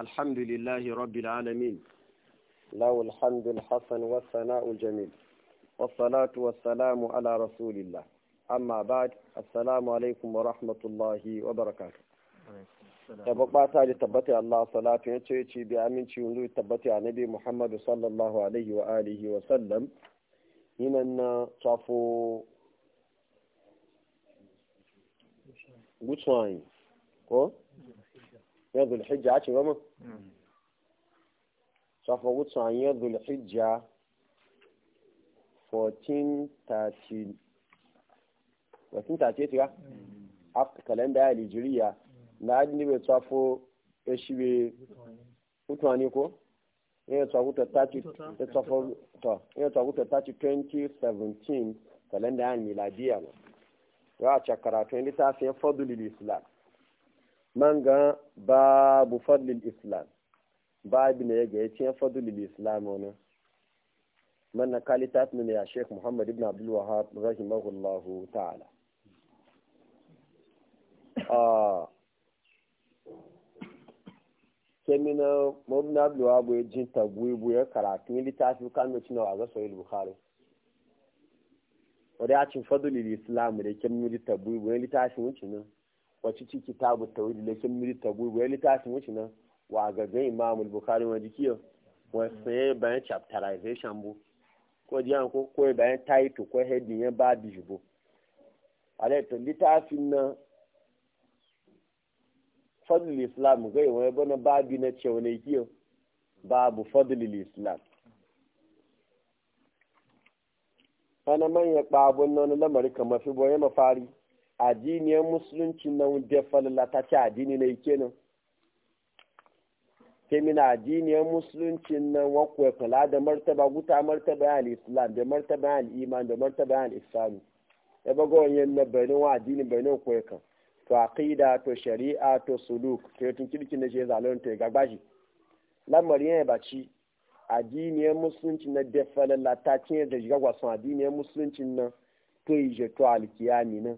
الحمد لله رب العالمين له الحمد الحسن والثناء الجميل والصلاة والسلام على رسول الله أما بعد السلام عليكم ورحمة الله وبركاته tabbata da tabbata Allah salatu ya ce ci bi aminci yanzu tabbata a nabi Muhammadu sallallahu alaihi wa alihi wa sallam yinan na tsafo ko? yanzu da hijja a ce gama? a tsanyar zulhijja 1438 ga after kalenda ya nigeria hmm. na adini bai tsafo ya shi bai hutuwa ko? iya tsakuta 2017 kalenda ya miladiya na ya ce karatun littafin fadulil islam manga babu fadlil islam babu ne ga yace fadlil islam wannan manna kalitat ne ya sheikh muhammad ibn abdul wahhab rahimahullah ta'ala a ah. kemina ibn abdul wahhab ya jin tabuibu ya karatu ni litafi kan cin wa ga sahih bukhari wadda ya cin fadlil islam da kemina tabuibu ya litafi wucin nan wacce ci kitabu tawhid da kin miri tabu wai littafin wuce nan wa gaga imamul bukhari wa jikiyo wa sai bayan chapterization bu ko diyan ko ko bayan title ko heading yan ba bijibo ale to littafin nan fadlul islam ga yawa bana babi na cewa ne kiyo babu fadlul islam kana man ya babun nan lamari kamar fi boye mafari addiniyar musulunci na da ta ce addini na ike nan kemina addiniyar musulunci na wakwai fala da martaba guta martaba al-islam da martaba al-iman da martaba al-islam ya bago wanyan na bayanin wa addini bayanin kweka to aqida to shari'a to suluk to yatun kirkin da shi zalon to ga bashi lamarin ya baci addiniyar musulunci na da ta ce da shiga gwasan addiniyar musulunci na to ije to alkiyami nan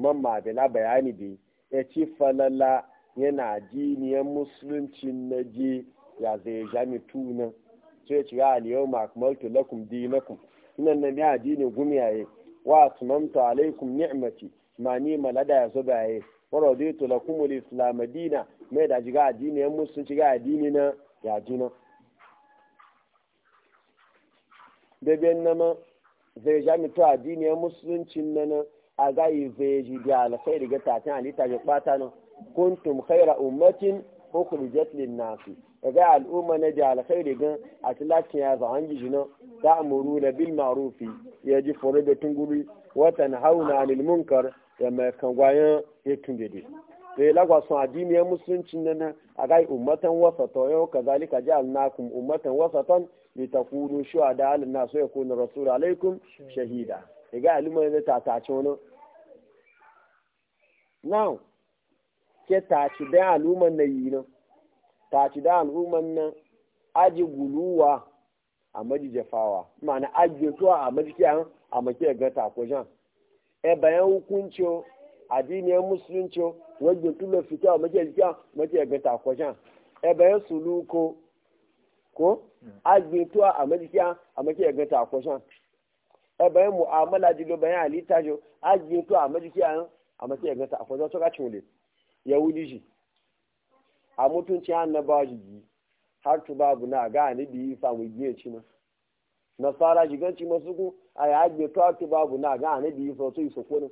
man mabila bayani bi ya ci falala yana jiniyar musulunci na je ya zai jami tuna sai ci ga aliyau makamaltu lakum dinakum nan na biya dini gumiyaye wa atmamtu alaikum ni'mati ma ni malada ya zo baye zai tula kuma da islam dina mai da jiga addini yan musulunci ga addini na ya jina da biyan nama zai jami to addini yan musulunci na na a gayi zai ji da alkhairi ga ali ta ya kwata no kuntum khaira ummatin ukhrijat lin nasi ga al'umma na da alkhairi gan a tilakin ya zahan ji nan ta amuru da bil ma'rufi ya ji furu da tunguri wa tanhauna anil munkar ya kan gwaye ya tungede da ya lagwa sun addiniyar musulunci nan a gai ummatan wasata yau ka zalika ji alnakum ummatan wasatan li takunu shuhada alin nasu ya kuna rasul alaikum shahida ya ga ta ta tatacin wani now ke taci da al'umman na yi nan taci da al'umman nan aji guluwa a maji jafawa ma'ana aji tuwa a maji kiyan a maki ga takojan e bayan hukunci addiniyar musulunci wajen tulo fita a maji kiyan maki ga takojan e bayan suluko ko aji tuwa a maji kiyan a maki ga takojan e bayan mu'amala jilo bayan halitta jo aji tuwa a maji kiyan amma sai ga ta akwai zo ga Ya wuli ji a mutunci annabawa ji har tu babu na ga ni bi fa mu biye ci ma nasara jiganci masu ku a ya agbe to ba babu na ga ni bi fa so su ko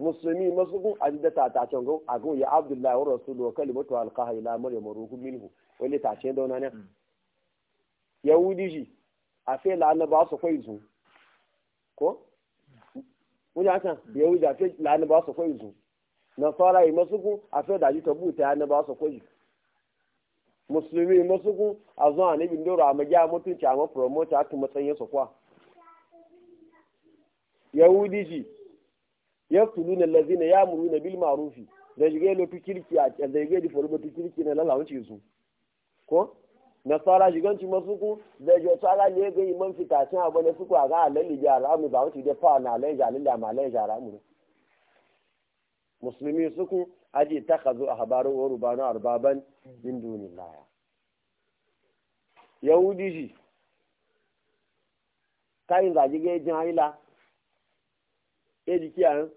musulmi masu ku a da ta ta can a go ya abdullahi wa rasuluhu kalimatu alqaha ila maryam ruhu minhu wani ta ce dauna ne mm. wuli ji a fe la na ba su kai zu ko wuya da ya wuya fe lani ba su koyi zu na fara yi masukun a da daji ta buta ya na ba su koyi musulmi masukun a zuwa ne bin dora ma gya mutunci a ma promoter a kuma tsanye su kwa yahudi ji ya tulu na lazina ya muru na bil marufi da jige lotu kirki a da jige kirki na lalawance su ko nasara shiganci masuku da jotara ne ga iman fitacin abu da suku a ga alalli jihar amu ba wuce da fa na alalli jalil da malai jihar amu musulmi suku aji ta kazo a habarin wa rubanu arbaban min dunin laya yahudi shi kayan zagi ga yajin haila e jiki a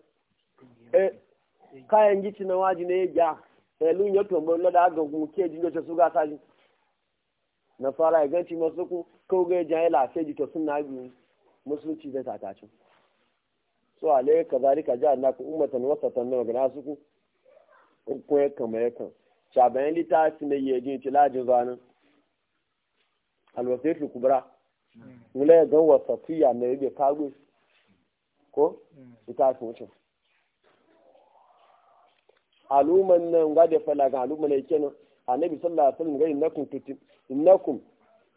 kayan e, gici na waji na e ya ja e elun ya tombo lada agagun ke jindo ta suga gasa na fara ya ganci masu ku kawo ga yaji lafiya jito sun na biyu musulunci zai takacin so lai ka ka ji na ku na wasa tannan gana su ku kun ya kama ya kan lita su na yi yajin ci lajin zanen alwasaifi kubra wula ya gan tuya na yabe kago ko su wuce aluman nan gade falaga aluman ya kenan annabi sallallahu alaihi wasallam ga innakum innakum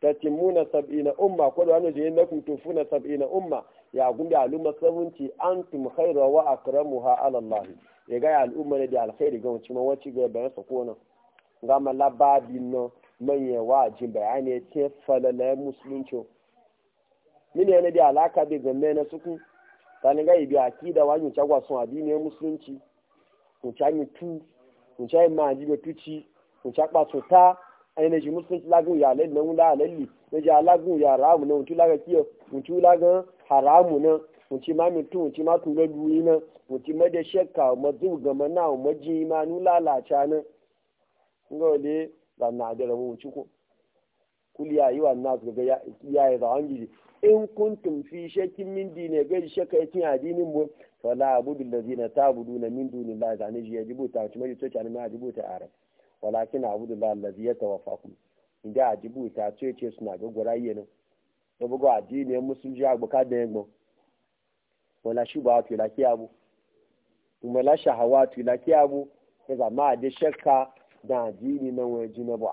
tatimuna sab'ina umma ko da wani je nakum tufuna sab'ina umma ya gumbi al'umma sabunci antum khairu wa akramuha ala Allah ya ga al'umma ne da alkhairi ga wancin wanci ga bayan sa kona ga malababi no manye wa jin bayani ce falala musulunci mine ne da alaka bi ga na suku tani ga ibi akida wani chagwa sun adini musulunci kun chami tu kun chami maji betuci kun chakpa ta ẹni ṣe musulunci lagun ya alẹ́ na wúlá alẹ́ lì lọ́jà ya haramu náà òtún lága kí ọ òtún lágan haramu náà òtún má mi tún òtún má tún lọ́dún yín náà òtún ma ṣẹ́ka ọmọdé ògànmọ́ náà ọmọdé yín máa ń lálàáṣá náà ńgọ́ ọ̀lẹ́ lànà àjọrọ̀ wọn òtún kù kúlì ayé ya yi àwọn jìjì in kuntum fi shakkin min dini gaji shakka yakin addinin mu fala abudu allazina na min dunillahi zanijiya jibuta kuma yace ta ne ma jibuta arab walakin abudullah allazi yatawaffakum inda ajibu ta ce ce suna ga guraye ne na bugu ji ne ya buka da yango wala shuba to la kiyabu kuma la na la kiyabu ya zama da shakka da addini nan wai jina ba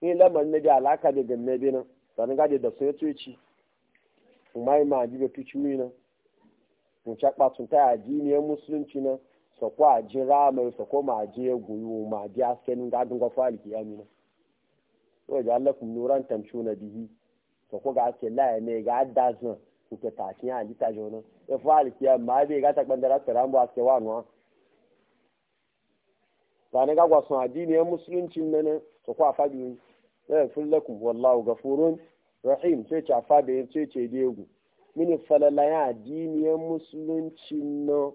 ni lamar da alaka da nan sanin gaje da sun ci kuma ma ajibe tuci nan mun chakpa na musulunci nan sako a ji ramai sako ma je goyo ma ji askenin gadon gwafa alkiyami na so da Allah kun nuran tamcu na bihi sako ga ake laye ne ga dazan kuke tashin ta jona e fa alkiyami ma bai ga ta bandara tsaran mu aske wa nuwa ba ne ga gwasun addiniyar e musuluncin nan sako a fadi ne fun lakum wallahu gafurun rahim sai ce a fadi sai ce degu mini falalaya addiniyar e musuluncin nan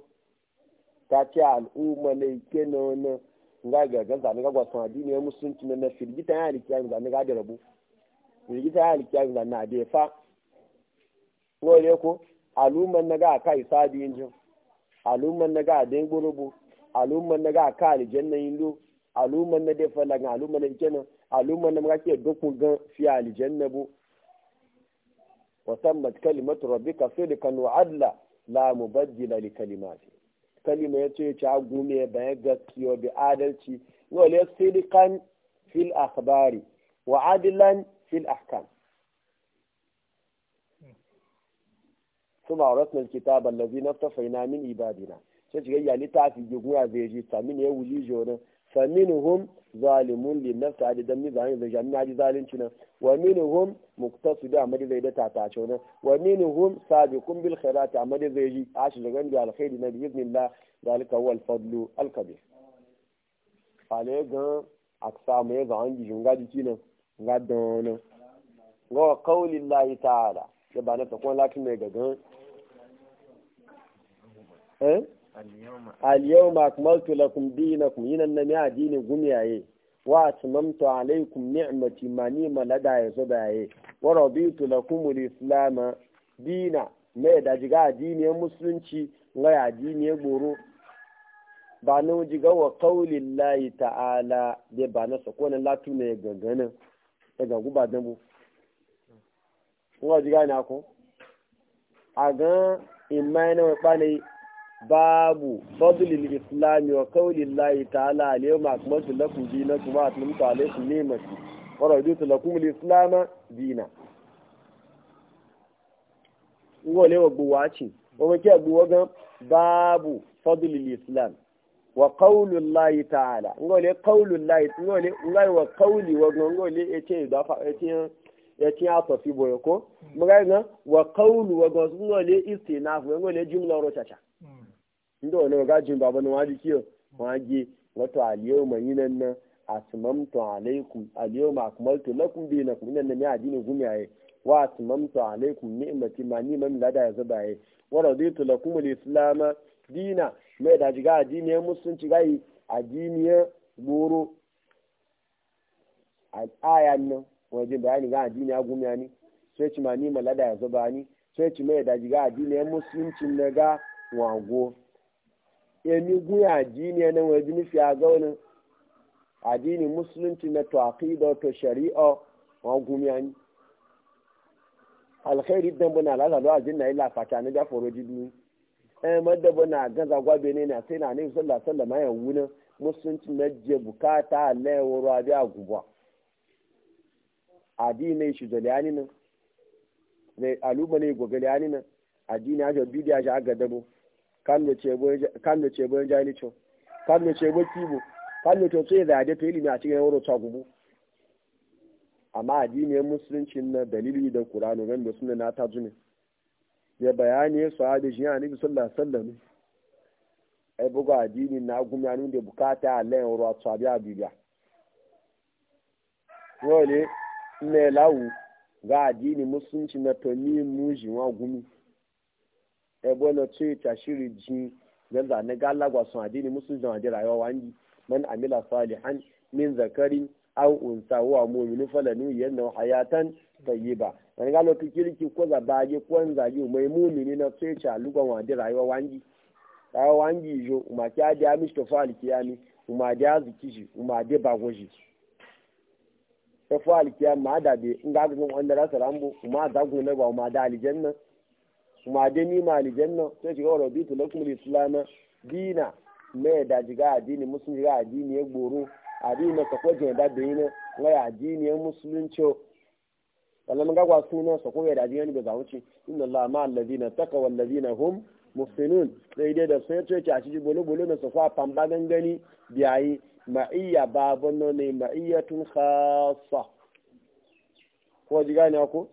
ta ce al'umma na ike na wani nga ga zane ga gwasan addini ya musulunci na firgita ya alikiya mu zane ga adarabu rabu firgita ya alikiya mu zane a da fa wale ko al'umman na ga ka isa inji jin al'umman na ga den gurubu al'umma na ga ka aljanna yindo al'umman na da fa lagan al'umman na kenan al'umman na ga ke dokun gan fi na bu وتمت kanu ربك la mu لا li لكلماته kalima ya ce ci agume bayan gaskiyo bi adalci wale silikan fil akhbari wa adilan fil ahkam ثم عرفنا الكتاب الذي نفتفينا من عبادنا sai shiga iyali ta fi gugu a zai ji sami ne wuli jorin فمنهم ظالمون للنفس عدد من ظالم زي جميع عدد ظالم شنا ومنهم مقتصد عمل زي ده تعتاشونا ومنهم سابق بالخيرات عمل زي جي عاش لغن على خير بإذن الله ذلك هو الفضل الكبير عليك أقسام يضع عندي جنغادي كينا غدونا قول الله تعالى يبقى نفسك لكن ما يقدر ايه al-yawma akmaltu lakum dinakum yinan na mi addini gumiyaye wa atmamtu alaykum ni'mati ma ni malada ya zubaye wa raditu lakum al dina me da jiga addini musulunci ngai addini goro ba na e jiga wa qaulin lahi ta'ala da ba na sakonin latu ne ganganin daga guba dambu ngai jiga na ako a ga imma na wa babu fadlil islami wa qaulillahi ta'ala akmaltu lakum dinakum wa atmamtu alaykum ni'mati wa raditu lakum ngole gbo babu fadlil islam wa ta'ala ngole qaulullahi ngole ngai wa qauli wa ngole yace da fa e ya e e boyo ko ga wa wa jumla inda wani gajin baba na waji kiyo waje wato aliyau mai yinan nan atmamtu alaikum alyawma akmaltu lakum kuma inna min adini gumiyaye wa atmamtu alaikum ma ni man lada ya wa raditu lakum al-islam dina mai da jiga adini musulunci gai adini goro al'ayan nan wajen bayani ga adini ya gumiya ni sai ci ma ni man lada ya sai ci mai da jiga adini musulunci na ga wago emi guya addini na waje nufi a gaunin addini musulunci na to aqida to shari'a wa gumiyani alkhairi dan bana la la ajin na ila fata e, na da foro jidu eh madda bana gaza gwabe ne na sai na ne sallallahu alaihi wasallam ya wuna musulunci na je bukata Allah ya wuro abi agubwa addini shi zaliyani nan ne aluba ne gogaliyani nan addini ya jabi da ya kan da ce bayan jahilicin kan da ce bayan kibo kan da otu ilimi a cikin wurin tsagubu amma addiniyar musulunci na dalili da kuranu gan da suna na ta zume ya bayani su hadu ya a nabi sallallahu alaihi wasallam ai na gumi nun da bukata a bibiya wole ne lawu ga addini musulunci na to ni gumi ebo na ce ta shiri ji dan zane ga Allah gwa sun adini musu jan da rayuwa wani man amila salihan min zakarin aw unsa wa mu'minu falanu yanna hayatan tayyiba dan ga lokacin kirki ko za ba je ko za ji mai mu'mini na ce ta lugon wa da rayuwa wangi rayuwa wani jo ma ki kya da mistofa alkiyami ma da zikiji ma da bagoji ta fa alkiyami ma da be in ga gun wanda rasa rambo ma da gun na ba ma da aljanna kuma dai ni malijan nan sai shiga wa tu lakum lislama dina me da jiga addini musulmi ga addini ya gboro addini na sako jin da bai ne wai addini ya musulunci sannan ga kwa suna sako ya da addini ga zawuci inna allaha ma allazina taqaw ladina hum muhsinun sai dai da sai ce a ciji bolo bolo na sako a pamba gangani biyayi ma'iyya no ne tun khassa ko jiga ne ko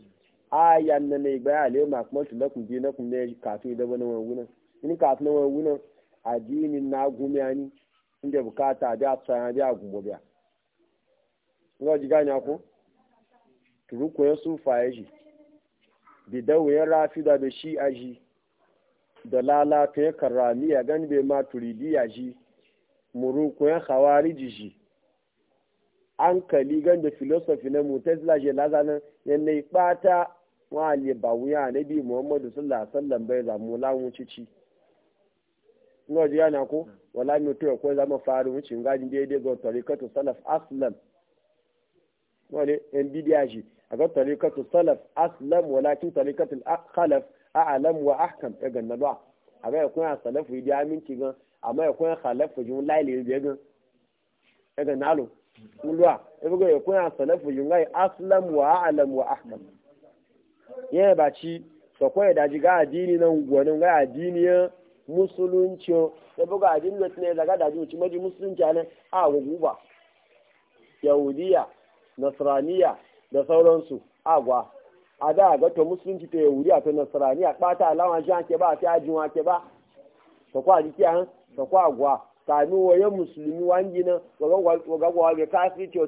ayan na ne ba ale ma kuma su lakum na kun ne kafin da na wanguna in kafin wani a addinin na gumiya ni inda bukata da tsaya da gumbo biya ga ji gani ko turuko ya sufa ya ji bidawo ya rafi da be shi a ji da lalata ya karami ya gani bai ma turidi ya ji muruku ya hawari ji ji an kali gan da filosofi na mutazila je lazanin yanayi bata wa le ba wuya nabi muhammadu sallallahu alaihi wasallam bai zamu lamu cici ngo ji yana ko wala mi to ko zama faru wuce ngajin daidai ga tarikatu salaf aslam wani yan bidiya shi a ga tarikatu salaf aslam walakin tarikatu khalaf a'lam wa ahkam ya e ganna ba a ga kun salafu idi aminci gan amma ya kun khalafu jun laili ya gan ya e ganna lo ulwa e ya ga kun salafu jun ga aslam wa a'lam wa ahkam ya ba a sakwai da ji ga adini nan ga ya musulunci da buga adini na tunai daga da ji maji musulunci ne a guba yahudiya nasraniya da sauransu agwa a da ga to musulunci ta yahudiya to nasraniya bata alama shi ake ba fi ajin wake ba sakwa jiki an sakwa agwa kami waye musulmi wangi na wagagwa ga kafirci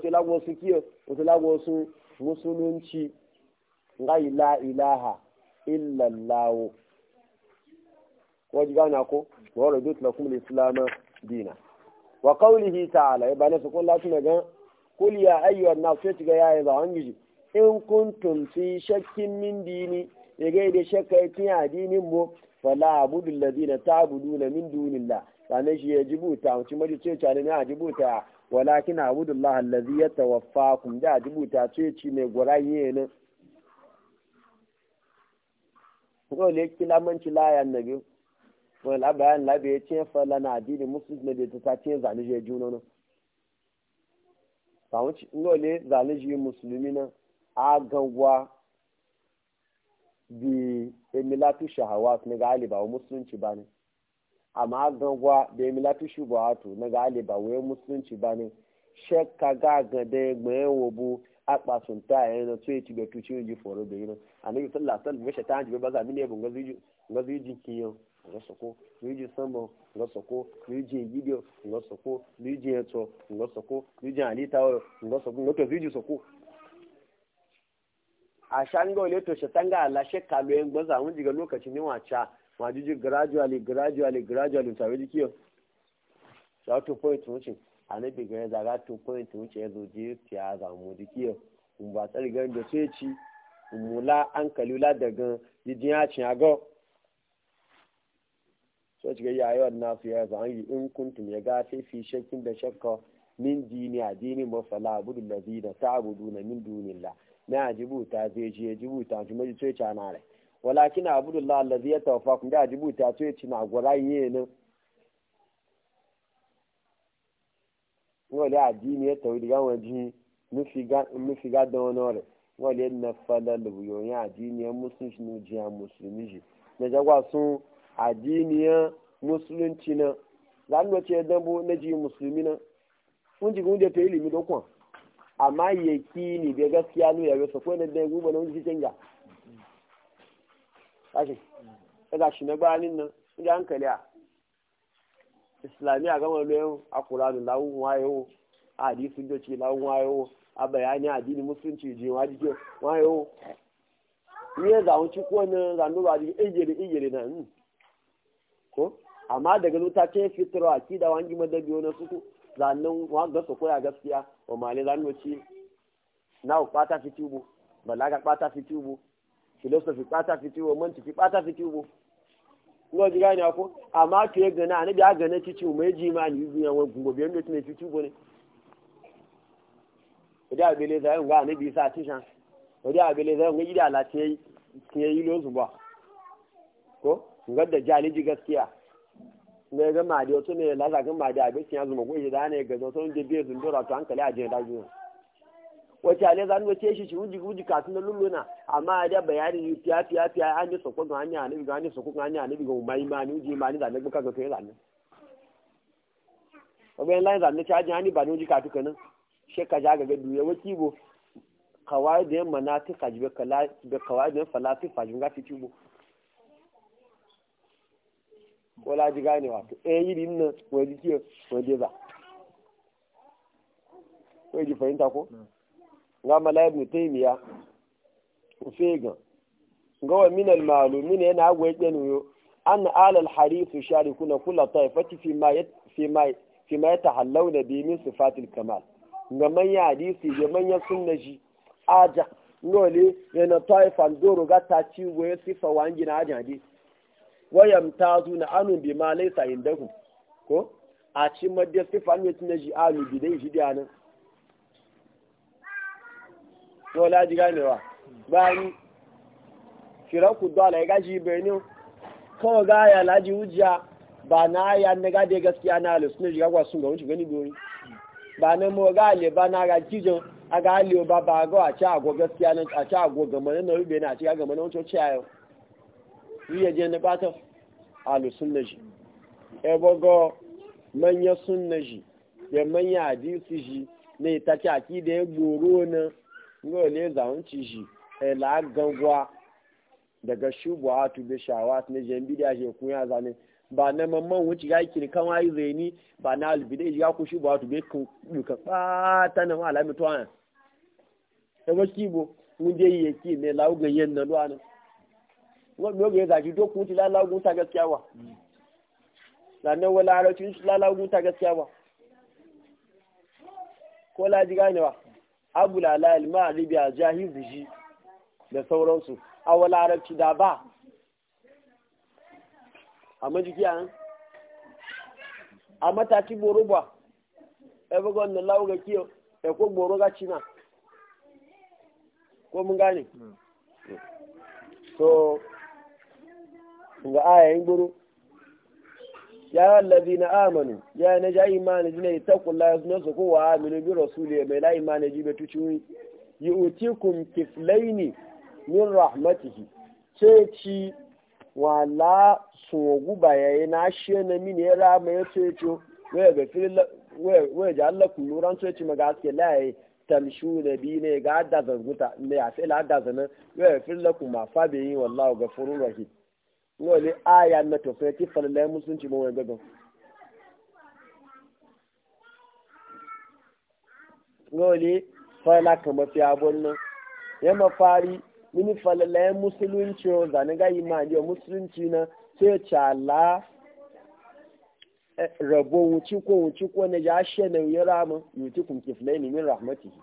musulunci ngai la ilaha illa allah wajiga na ko wala raditu lakum al-islam dina wa qawlihi ta'ala ya e bana su kullu tuna ga kul ya ayyuhan nas sai tiga yayi ba an giji in kuntum fi shakkin min dini ya ga da shakka yake addinin mu fala abudu alladhina ta'buduna min dunillah sane shi ya jibuta mu ci mari ce ne ya jibuta walakin abudu allah alladhi yatawaffakum da jibuta ta ce ci ne gurayen ne ko le kilamanci layan na biyu wani labayan labe ya ce fala na addini musulmi na da ta ce zane je juna na samun ci ngole zane je musulmi na agagwa bi emilatu shahawat na gali ba musulunci ba ne amma agagwa da emilatu shubahatu na gali ba wai musulunci ba ne shekka ga gade gbe wo bu akpasun ta yayin na tsoye cibe tuci yin ji foro da na a nan yusun lasan mace ta hanji ba za ne bu ga zuyi jinki yau nga soko zuyi sama nga soko zuyi jin gidiyo nga soko zuyi jin yato nga soko zuyi jin halitta wayo nga soko nga to zuyi soko a shanga wale to shatanga ala shekalu yan e gbaza mun jiga lokacin ne wacha wajiji gradually gradually gradually tawe dikiyo za to point wucin annabi ga ya zaga to point wuce ya zoje ya zamu dikiyo mun ba tsari ga da sai ci mula an kalula daga jidin ya cin ago so ci ga ya ayo na su ya an yi in kuntum ya ga sai fi shakkin da shakka min dini a dini fala abudu lazina ta abudu na min dunilla na ta zai je jibuta ta mai sai ci ana rai walakin abudullah allazi ya tawafa kun da ta sai ci na gwara yi ne wọ́n lé àdínì ẹ̀tọ́ ìdí káwọn jí mífìgá dán ọ́nà rẹ̀ wọ́n lé na fada lòbùyọ̀ yẹn a ẹ̀ mùsùlùmí jí à mùsùlùmí jì nàìjíríà sún àdínì ẹ̀ mùsùlùmí A lánàá tiẹ̀ dánbó nàìjí mùsùlùmí náà fún jìgì oúnjẹ tó ìlú mi tó kàn àmọ́ yẹ kí ni bẹ́ẹ̀ gaskiya ní ìyàwó sọ fún ẹ̀dẹ̀ gbogbo náà oúnjẹ ti ṣe ń a gama loyan a kuranu lawun wayo a hadisun joci lawun wayo a bayani addini musulunci ji wa jike wayo ne zaun ci ko ne zanu ba di ejere ejere na ni hmm. ko amma daga luta ce fitro a kida wangi madabi wani suku zannan wa ga su koya gaskiya wa mali zanu ci na ku kwata fitubu balaga kwata fitubu filosofi kwata fitubu ci kwata fitubu ngo ji gani ako amma to ya gana anabi ya gana cici mai ji ma ni duniya wa gungo biyan da tune cici gone da abele zai ne bi sa tishan da abele zai ngo ida la te te yi lo zuba ko ngar da jali ji gaskiya ne ga ma dio to ne la ga ma da abin ya zuma ko ida ne ga zo to je be zun dora to hankali a je da juwa wace ale zan wace shi shi wuji wuji kasu na lulluna amma da bayani fiya fiya fiya an ji sokon ga hanya ne ga hanya sokon ga hanya ne ga umai ma ni wuji ma ni zan buka ga kai zan obin lai zan ta ji hani ba ni wuji kasu kana she ka ja ga duye wati bo kawai da yamma na ta kaji be kala be kawai da falasifa jin ga fiti bo wala ji gane wato eh yiri nan wadi kiyo wadi ba wadi fahimta ko nga mala ibn taymiya ufega ga wa min al ma'lumin yana agwa yake yo an ala al harith yusharikuna kull ta'ifati fi ma fi ma fi ma yatahallawna bi min sifat al kamal ga manya hadisi ga manya sunnaji aja ngole yana ta'ifan doro ga ta ci goye sifa wangi na aja hadisi wayam tazu na anu bi ma laysa indakum ko a ci madde sifa ne tunaji alu bidai ji da nan yau laji ganewa bayan firaku dole ya gaji benin kawo gaya laji hujja ba na na gade gaskiya na alis na shiga kwasun ga wuce gani gori ba na mo gale na ga kijin a gale ba ba ga a ci ago a ci a ci ebogo e manya da ne ta da ya gboro na ne ngole zaunci shi e la gangwa daga shubu a tu be shawa ne jen bidiya je kunya zane ba na mamman wuce ga kiri kan wayi zeni ba na albidai ya ku shubu a tu be kan duka ta na ma alami to an e wa kibo mun dai ki ne lawo ga yen na duwa ne ngo ngo ga zaki do ku ti la la gun ta gaskiya wa sannan wala arocin la gun ta gaskiya wa ko la ji wa abulala al-ma'aribi a jahiziji da sauransu a wala arabci da ba a majiki a a mataki boro ba ebe gwanda lauga kiyo ekwo boro ga cina ko mun gane so hmm. ga ayayin boro ya allazina amanu ya na na ja imani jina ya suna ko wa aminu bi rasuli mai la yi, jibe tuci yu'tikum kiflaini min rahmatihi ce ci wa wala sogu bayaye na she na mini era mai ce ci waya ga fil waya ja Allah kulluran ce ci maga aske laye tamshu da bi ne ga da zanguta ne a fil da zanan waya fil lakum ma fa bi wallahu ghafurur rahim wale aya na tofe ti falalai musulunci mawai gagan wale falala kamar fi abon nan ya mafari mini falalai musulunci o zane yi ma ne musulunci na sai cala eh, rabo wuci ko wuci ko na ya she na yi ramin yuti kun kiflai ne min rahmatihi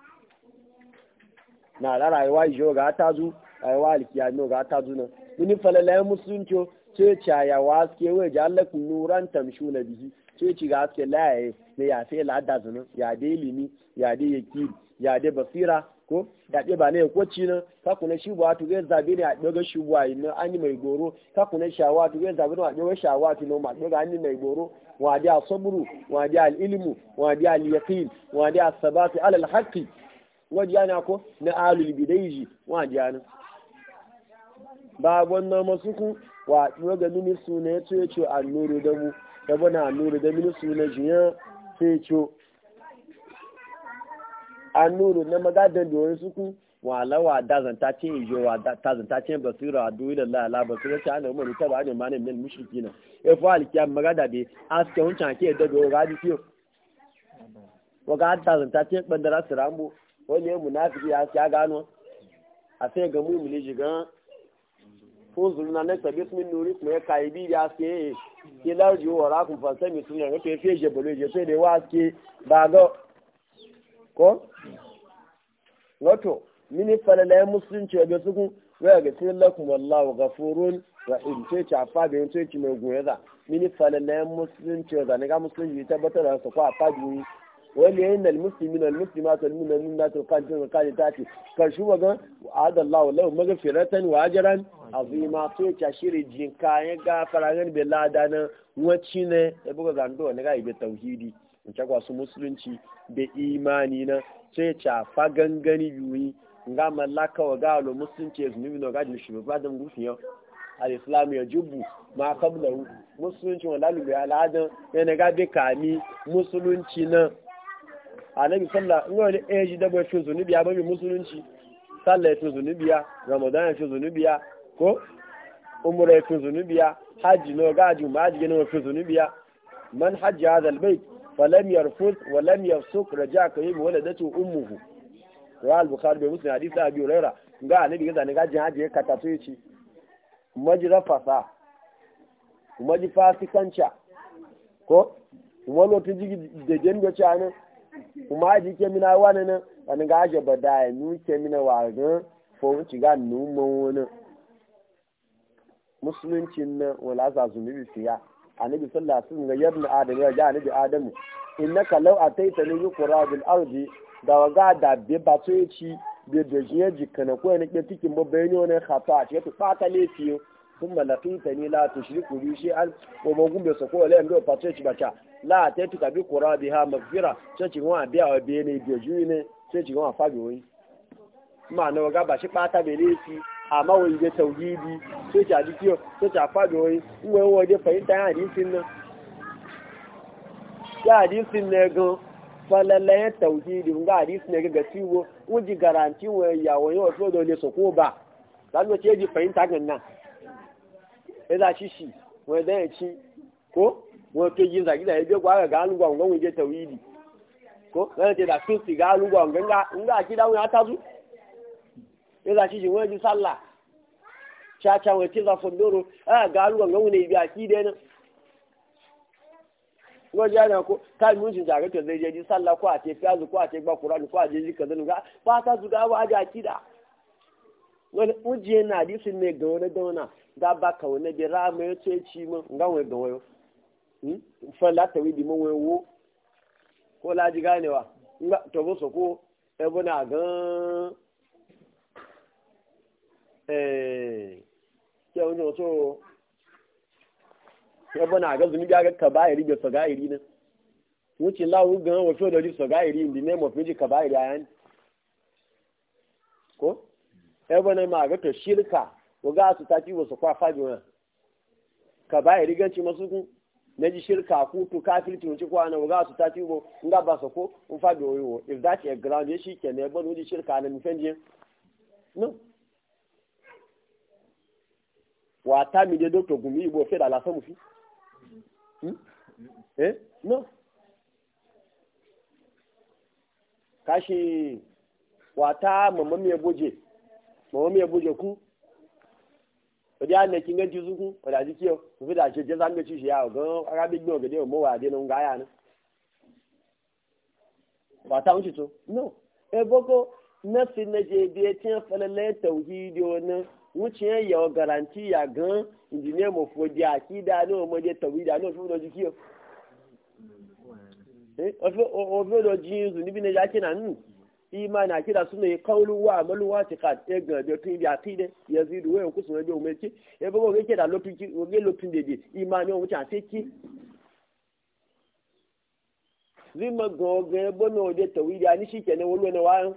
na rayuwa yi ga ta zu rayuwa alkiya no ga ta zuna mini ya musulunci ce cayawa haske wai ji allakun nuran tamshu na bihi ce ci ga haske laye ne ya fe la'adda zuna ya de ilimi ya de yaki ya de basira ko ya ɗe ba ne ya kwaci na ka kuna shi ba tu zai zabe ne a ɗoga shi ba yi na an yi mai goro ka kuna shawa tu zai zabe ne a ɗoga shawa tu nan ma ɗoga an yi mai goro wa da sabru wa al al'ilmu wa al yaqin wa da sabatu alal haqqi wa na ko na alul bidaiji wa da nan babon na masuku wa ɗuwa ga mini suna ya ce ce annuru da mu da bana annuru da mini suna jiya ce ce annuru na magadan da wani suku wala wa da zanta ce ijo wa ta zanta ce basira wa duwi da lala basira ce ana umaru ta ba ne ma ne mil mushriki na ya fa alkiya magada be aske huncan ke da do ga di fiyo wa ga ta zanta ce bandara sirambo wani munafiki ya gano a sai ga mu mu ne jigan unzurna na nekta min nuri kuma ya kayi bi ya sai ke larji wa rakun fasa mi suna ga ke fiye jebolo je sai da wa ke ba ga ko wato mini falalayen musulunci a gasu kun ga cikin lakun wallahu gafurun rahim sai ci afa bayan mini wani yayin da musulmi na musulma ta nuna nuna ta kwanci da kare ta ce karshe wa gan wa'adar lawa lawa maga firatan wa ajiran azima so ya cashiri jin kayan gafara gan bai lada na wacce ne ya buga zando wani ga ibe tauhidi in cakwa su musulunci da imani na so ya fa gangani yuyi nga mallaka wa galo musulunci ya zunubi na gajin shi ba da gufin yau al'islam ya jubu ma kabla musulunci wa lalubu ya ladan ya na gabe kami musulunci na annabi sallah in wani eji ji dabo fi zunubiya ba mai musulunci sallah fi zunubiya ramadan fi zunubiya ko umra fi zunubiya hajji no gaji ma hajji no fi zunubiya man hajji hadha albayt falam yarfus wa lam yafsuk raja ka yi waladatu ummuhu wa al-bukhari bi muslim hadith abi hurairah ga bi ga zane gaji hajji ka ta tuyi ci majra fasa maji fasikanca ko wani wata jigi da jengo ci kuma a jike mina wani nan wani ga ajiye ba da yanzu ke mina wa gan fon ci ga numan wani musulunci na wala su nubi siya annabi sallallahu alaihi wasallam ga yabna adam ya ga nubi adamu innaka a ataita ni yuqra bil arzi da waga da bi ba su yi bi da jiye jikana ko yana ke tikin babbe ne wani khata ce ta ta lefiyo sun malakin ta ne la tushriku bi shay'an wa ma gumbe so ko le ndo patse ci bacha la te tu ka bi qura biha magfira ce ci wa biya wa be ne bi ju ne ce ci wa fa bi wai ma no ga ba shi pata be le fi amma wai je tauhidi ce ci adi kiyo ce ci fa bi wai wai wai je fahimta ya hadisin nan ya hadisin ne gan falalayen tauhidi nga hadisin ne ga gasiwo wuji garanti wa yawo yawo so dole so ko ba lalo ce ji fahimta gan nan za shi wani zai ci ko wani to yin da ya kwa ga alugwa ngon wuje tawili ko wani da su ga alugwa ngon ga nga aki atazu ya za shi wani ji sallah cha cha wani ce za fondoro a ga alugwa ngon ibi aki da yana jana ko kai mun jin ji eji ko a ce ko a ce ba ko a ji ba ta ga akida wuje na hadisi ne ga wani da ba ka wani bi rama ya ce ci mun ga wani ga wayo fa la ta wi di mun wo ko la ji ganewa nga to bo hmm? eh. so ko e bona ga eh ke wani so e bona ga zuni ga ka ba iri ga so ga iri ne wuce lawu ga wa so da ri so ga iri in the name of music ka ba iri ayan ko ebe na ma to shirka waga su ta ci wasu kwafa wa ka ba ya riganci masu kun na ji shirka ku to kafirci kwa na ga su ta ci in ga ba sako in fa wa yiwo if that a ground ya shi kenan ebe na ji shirka na mifan jiyan no wa ta mi de doctor gumi ibo fe da la so mu fi hmm? eh no kashi wata mamman mai goje mọ̀mọ́ mi ẹ̀bùn jẹ̀kú òde àná kí n gẹ́ ti sunkún ọ̀dà tí kí ọ òfin dà ṣe jẹ́sà méjì ṣe àgán arábígbọ̀n ọ̀gẹ̀dẹ̀ ọ̀mọ́ wà ga ya gáyà e e, ni. bàtà wuce to? no eboko nọ́ọ̀sì méje bí etí ń fẹlẹ́ lẹ́tọ̀ yíyí ọ̀nà wúnchí ń yẹ ọ̀gàràǹtì yà gan ìdílé mọ̀fọ́dé àkídá ní ọmọdé tọ̀wé dà ní òfin lọ́jú kí ọ. òfin lọ́jú yín zùn níbi nàìjíríà kí nà nù. imani akida suna yi kaulu wa amalu wa ti kad e gan de tun bi akide yazidu we ku suna de umeki e bo ge ke da lotun ki o ge lotun de de imani o cha se ki zima go ge bo no de tawidi ani shi ke ne wolo ne wa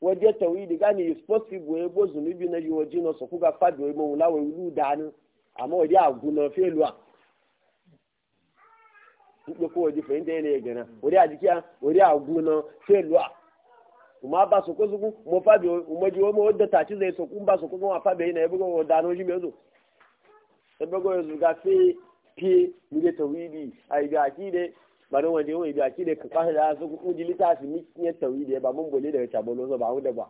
waje tawidi gani is possible e bo zuni bi na yo jino so ku ga fadu e mo lawo ilu danu amma waje aguna fe luwa nígbà kó wòdi fẹ̀yìntì yẹn lè gẹ̀nà wòdi àdìkíyà wòdi àgùn náà fẹ́ lù à mo aba sokosuku mo fabi umoji wo mo data ti zai sokun ba sokun wa fabi ina ebe go da no jimi ozo ebe go ga fe yi mi de tawidi ai ga ki de ba don wande won ga ki de ka fa da so ku jili ta si mi ne tawidi ba mun bole da ta bolo so ba hu da ba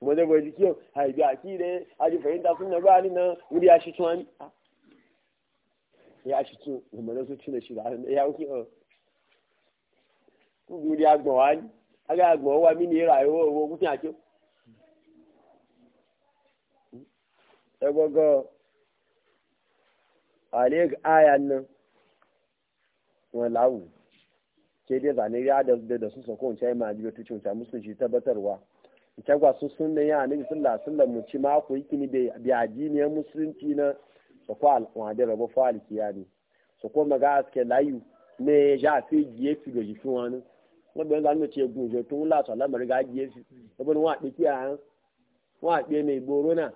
mo de go yi ai ga ki de fahimta sun na ba ni na wuri ya shi ya ṣètò ìmọ̀lẹ́ tó tún lè ṣe láàrin ẹ̀yà ó kuma kúbi ya agbọ̀n wa ní agbọ̀n wa mí ní ìrà ìwọ owó kúkí àjọ. ẹ gbọ́ngọ́ àlẹ́ àyà náà wọn láwù ke dai zane ya da da su sako in ma jibe tuci musu shi tabbatarwa in ce sun su sun ne ya annabi sallallahu alaihi wasallam mu ci ma ku yiki ni bai so ko alwade rabo fo alkiyani so ko ga aske layu ne ja fi giye fi goji fi wani wọ́n bẹ̀rẹ̀ lánàá tí egun ìjọ tó ń láṣọ alámọ̀rí gá jí èsì lọ́bọ̀ ni wọ́n àpè kí àán wọ́n àpè ní ìgboro náà.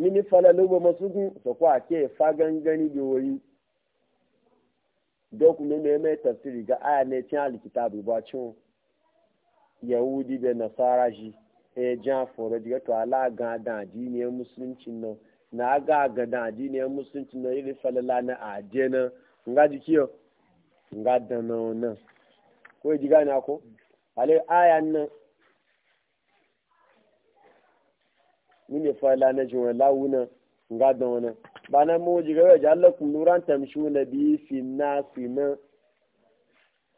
níní falẹ̀ ló gbọmọ sókún sọ̀kọ́ àti ẹ̀fá gángan níbi orí dọ́kùnrin mẹ́mẹ́ tẹ̀síìrì gá àyà ní ẹ̀tí àlìkìtà àbùbọ̀ àti wọn yẹ̀wù dídẹ̀ nàṣàrà e jan foro to ala ga da ne musulunci na aga aga da ne musulunci iri falala na aje na nga jikiyo nga da no na ko diga e ale aya nna nile falala na jin lawuna nga da wona bana mo jiga ya jalla nuran tamshu na bi fi na fi na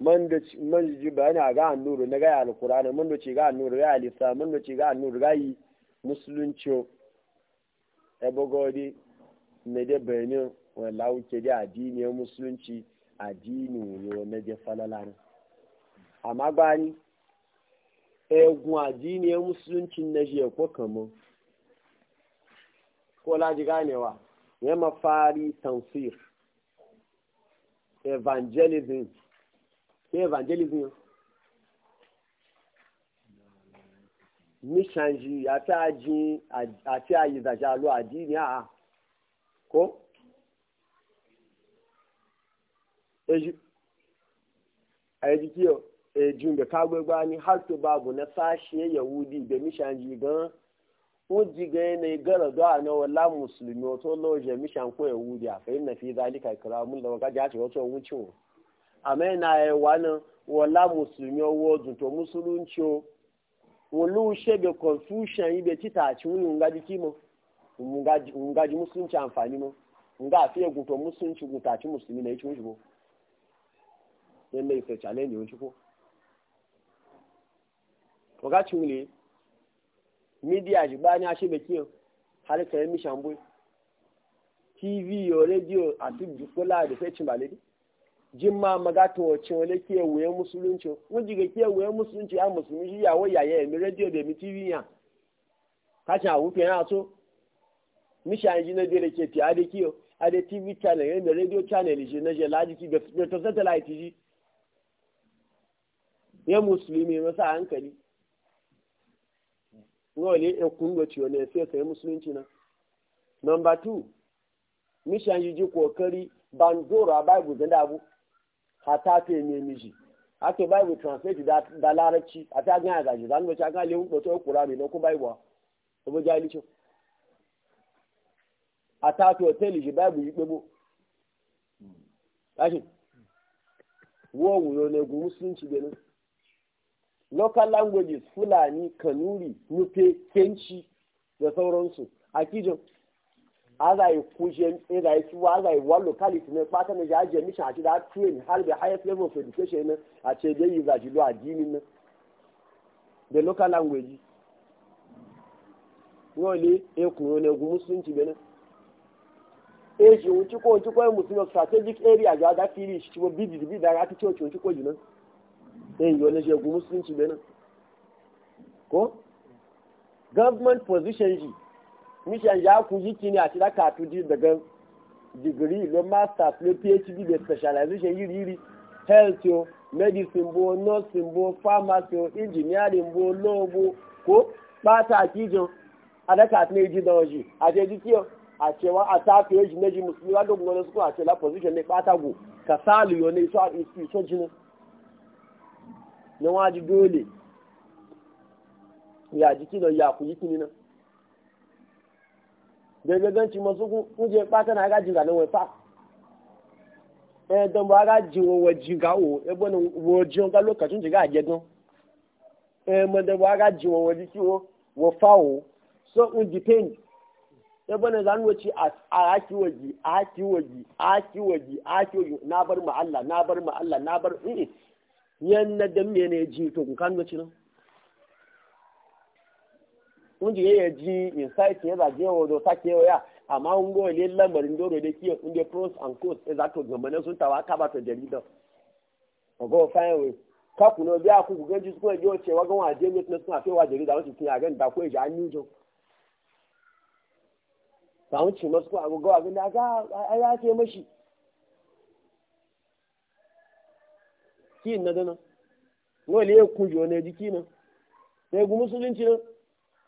man da man ji bayani a ga annuru na ga alqur'ani man ci ga annuru ga alisa man da ci ga annuru ga yi musulunci e bogodi ne da bayani wala wuce adini addini musulunci adini yo na je falalan amma bani adini addini musulunci na je ko kamo ko laji ganewa ya mafari tansir evangelism ní evangelism yẹn mísànjì àti àjìn àti àyèdàjà lọ àdí ní àá kó èyí kí o èjì ń bẹ kágbé gbá ní hàtó báàbò ní sáàṣì ẹ̀yẹ̀wò di ìgbẹ́ mísànjì gan ó di gan ní gẹ́rọ̀dọ́ àná ọlá mùsùlùmí ọtọ́ lọ́ọ̀jẹ̀ mísàǹkó ẹ̀wù di àfẹ́yìn nàfi ìdálẹ́kà ìkọ̀rọ̀ amúlọ́wọ́ kájà àti ọtọ́ òun tí wọn. Amena ẹ̀nà ẹ̀wà náà wọ́n lá mùsùlùmí ọwọ́ ọdún tó mùsùlùmí tí confusion ibẹ̀ títà àti wọ́n ń gajú kí musulunci ń gajú mùsùlùmí tí àǹfààní mọ́ musulunci gá ta ẹ̀gùn tó na tí gùn tàti mùsùlùmí challenge wọn ṣubú. ọ̀gá tí wọ́n lè mídíà àṣìgbá ní aṣẹ́gbẹ̀ kí ọ tv rédíò àti jùpọ̀ láàrin fẹ́ tìǹbà lédè. jimma magato wacce wani kewaye musulunci wani ga kewaye musulunci ya musulmi shi yawon yaya emi rediyo da mi tv ya kashi a fiye na so an ji na dole ke ti ade kiyo ade tv channel ya emi radio channel shi na je laji ki da to satellite shi ya musulmi masa hankali ngole ya e kungo ciwo ne sai sai musulunci na number 2 an ji kokari zora bible da abu hata to ne miji ake bible translate da da larabci a ta ganya gaji zan ba ta ga lewu ko to qur'ani ne ko bible to bo jali cho ata to hotel ji bible yi pebo ashi wo wo ne gu musulunci benin local languages fulani kanuri nupe kenchi da sauransu a kijin aza yi kuje aza yi kiwa aza yi wa locality ne fata ne ya mission a ti da train har da highest level of education ne a ce dai yi za ji addini ne the local language wọ́n lé ekun ní ogun musulunci bẹ́ẹ̀ náà èyí e òun tí kò òun tí kò ẹ̀ e musulun strategic area àjọ adá fílì tí wọ́n bí dìdì bí dára tí church tí kò jù náà ṣe ogun musulunci kó government position yìí mission ya ku yi kini a cira katu ji daga digiri lo masters lo phd da specialization yiri yiri health yo medicine bo nursing bo pharmacy yo engineering bo law bo ko bata akijo a katu ne ji da waje a je ji kiyo a cewa a tafi yaji na ji musulmi wadda gwamnati suka a ce la position ne bata go ka salu yo ne so a iso jinin na waji dole ya jiki da ya ku yi kini na. da gaganci masu kuje fata na agajin ga e nan wefa fa eh don ba agajin wa wajin ga o e bon wajin ga lokacin ji ga je gan eh da ba agajin wa o so un depend e bon zan wuce a aki waji aki waji aki waji aki waji na bar mu Allah na bar na bar yanna da me ne to wunji yeye ji insight ya zaje wa do sake ya amma un go le lamarin doro da kiyo un de pros and cons e za to gamana sun tawa ka ba to jarida ogo fine way ka kuno bi aku ku ganji su ko ce wa gan wa je ne sun afi wa jarida wasu kin agan da ko e ja ni jo ba mun ci masu ko agogo abin da ga ya ce mashi kin na dana wani ya kujo ne ki na sai gu musulunci na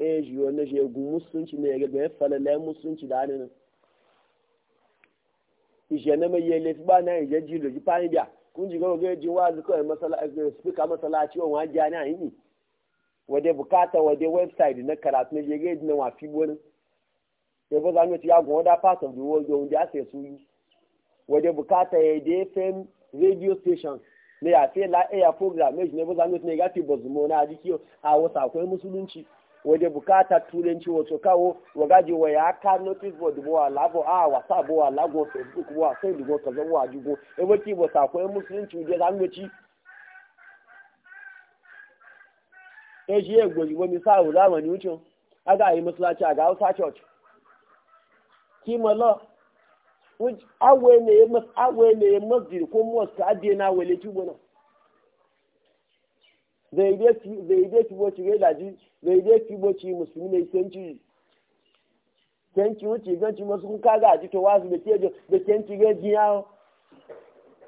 eh shi wannan shi gun musulunci ne ga ga falala musulunci da anan ije na mai yele ba na ije ji lo ji pani bia kun ji ga ga ji wa zu masala e speaker masala ci wa ja na yi wade bukata wade website na karatu na je na wa fi bonin e ya ba za mu ci ya gun oda part of the world yau ya sai su yi wade bukata ya e da FM radio station ne ya fi la program ne ba za mu ci ne ga na ji a wasa akwai musulunci wede bukata turanci wasu kawo wagaji wa ya ka notice board bo ala ah, bo a whatsapp bo ala go facebook bo sai digo kaza wa jugo e wati bo sa ko musulunci je zan goci e ji e goji bo sa o zamani ucho aga yi musulaci aga hausa church ki mo lo awe ne mas awe ne masjid ko zai dai fi boci gai laji zai dai fi boci musulmi ne senci senci wuce ganci masu kun kaga a jito wasu da kejo da senci gai jiya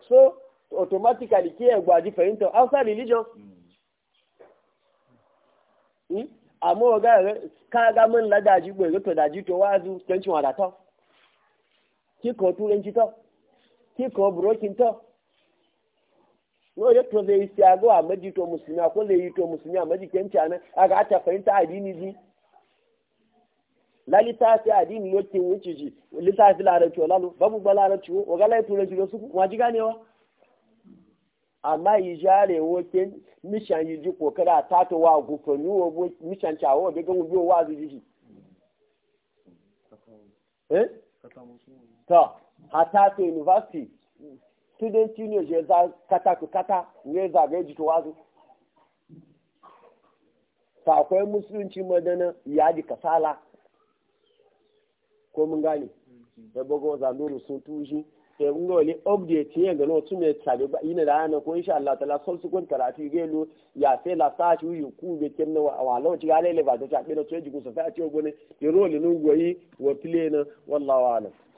so automatically ke gwaji fahimta outside religion hmm. Hmm? amma waga kaga min ladaji bai zato da jito wasu senci wadata kiko turanci ta kiko burokin ta no ya to zai siya ga maji to musulmi ko zai yi to musulmi a maji kyanci a nan a ga ata fahimta addini ji la litafi addini wuce ji lalu babu ba wa ga su ma ji ganewa amma yi jare mishan yi ta eh? to wa gufani wo mishan student union je za kata ku kata ne zagaye jito wazo ta akwai musulunci madana ya ji kasala ko mun gani mm-hmm. da bugo za nuru sun tushi sai kun ga wani update ne ga lotu mai tabe ba ina da ana ko insha Allah ta'ala subsequent karatu ga lo ya sai la sa shi yu ku be ken na wa lawo ci ga lele ba ta ta be na to ji ku sa ta ci ogone ya role nun wa play na wallahu a'lam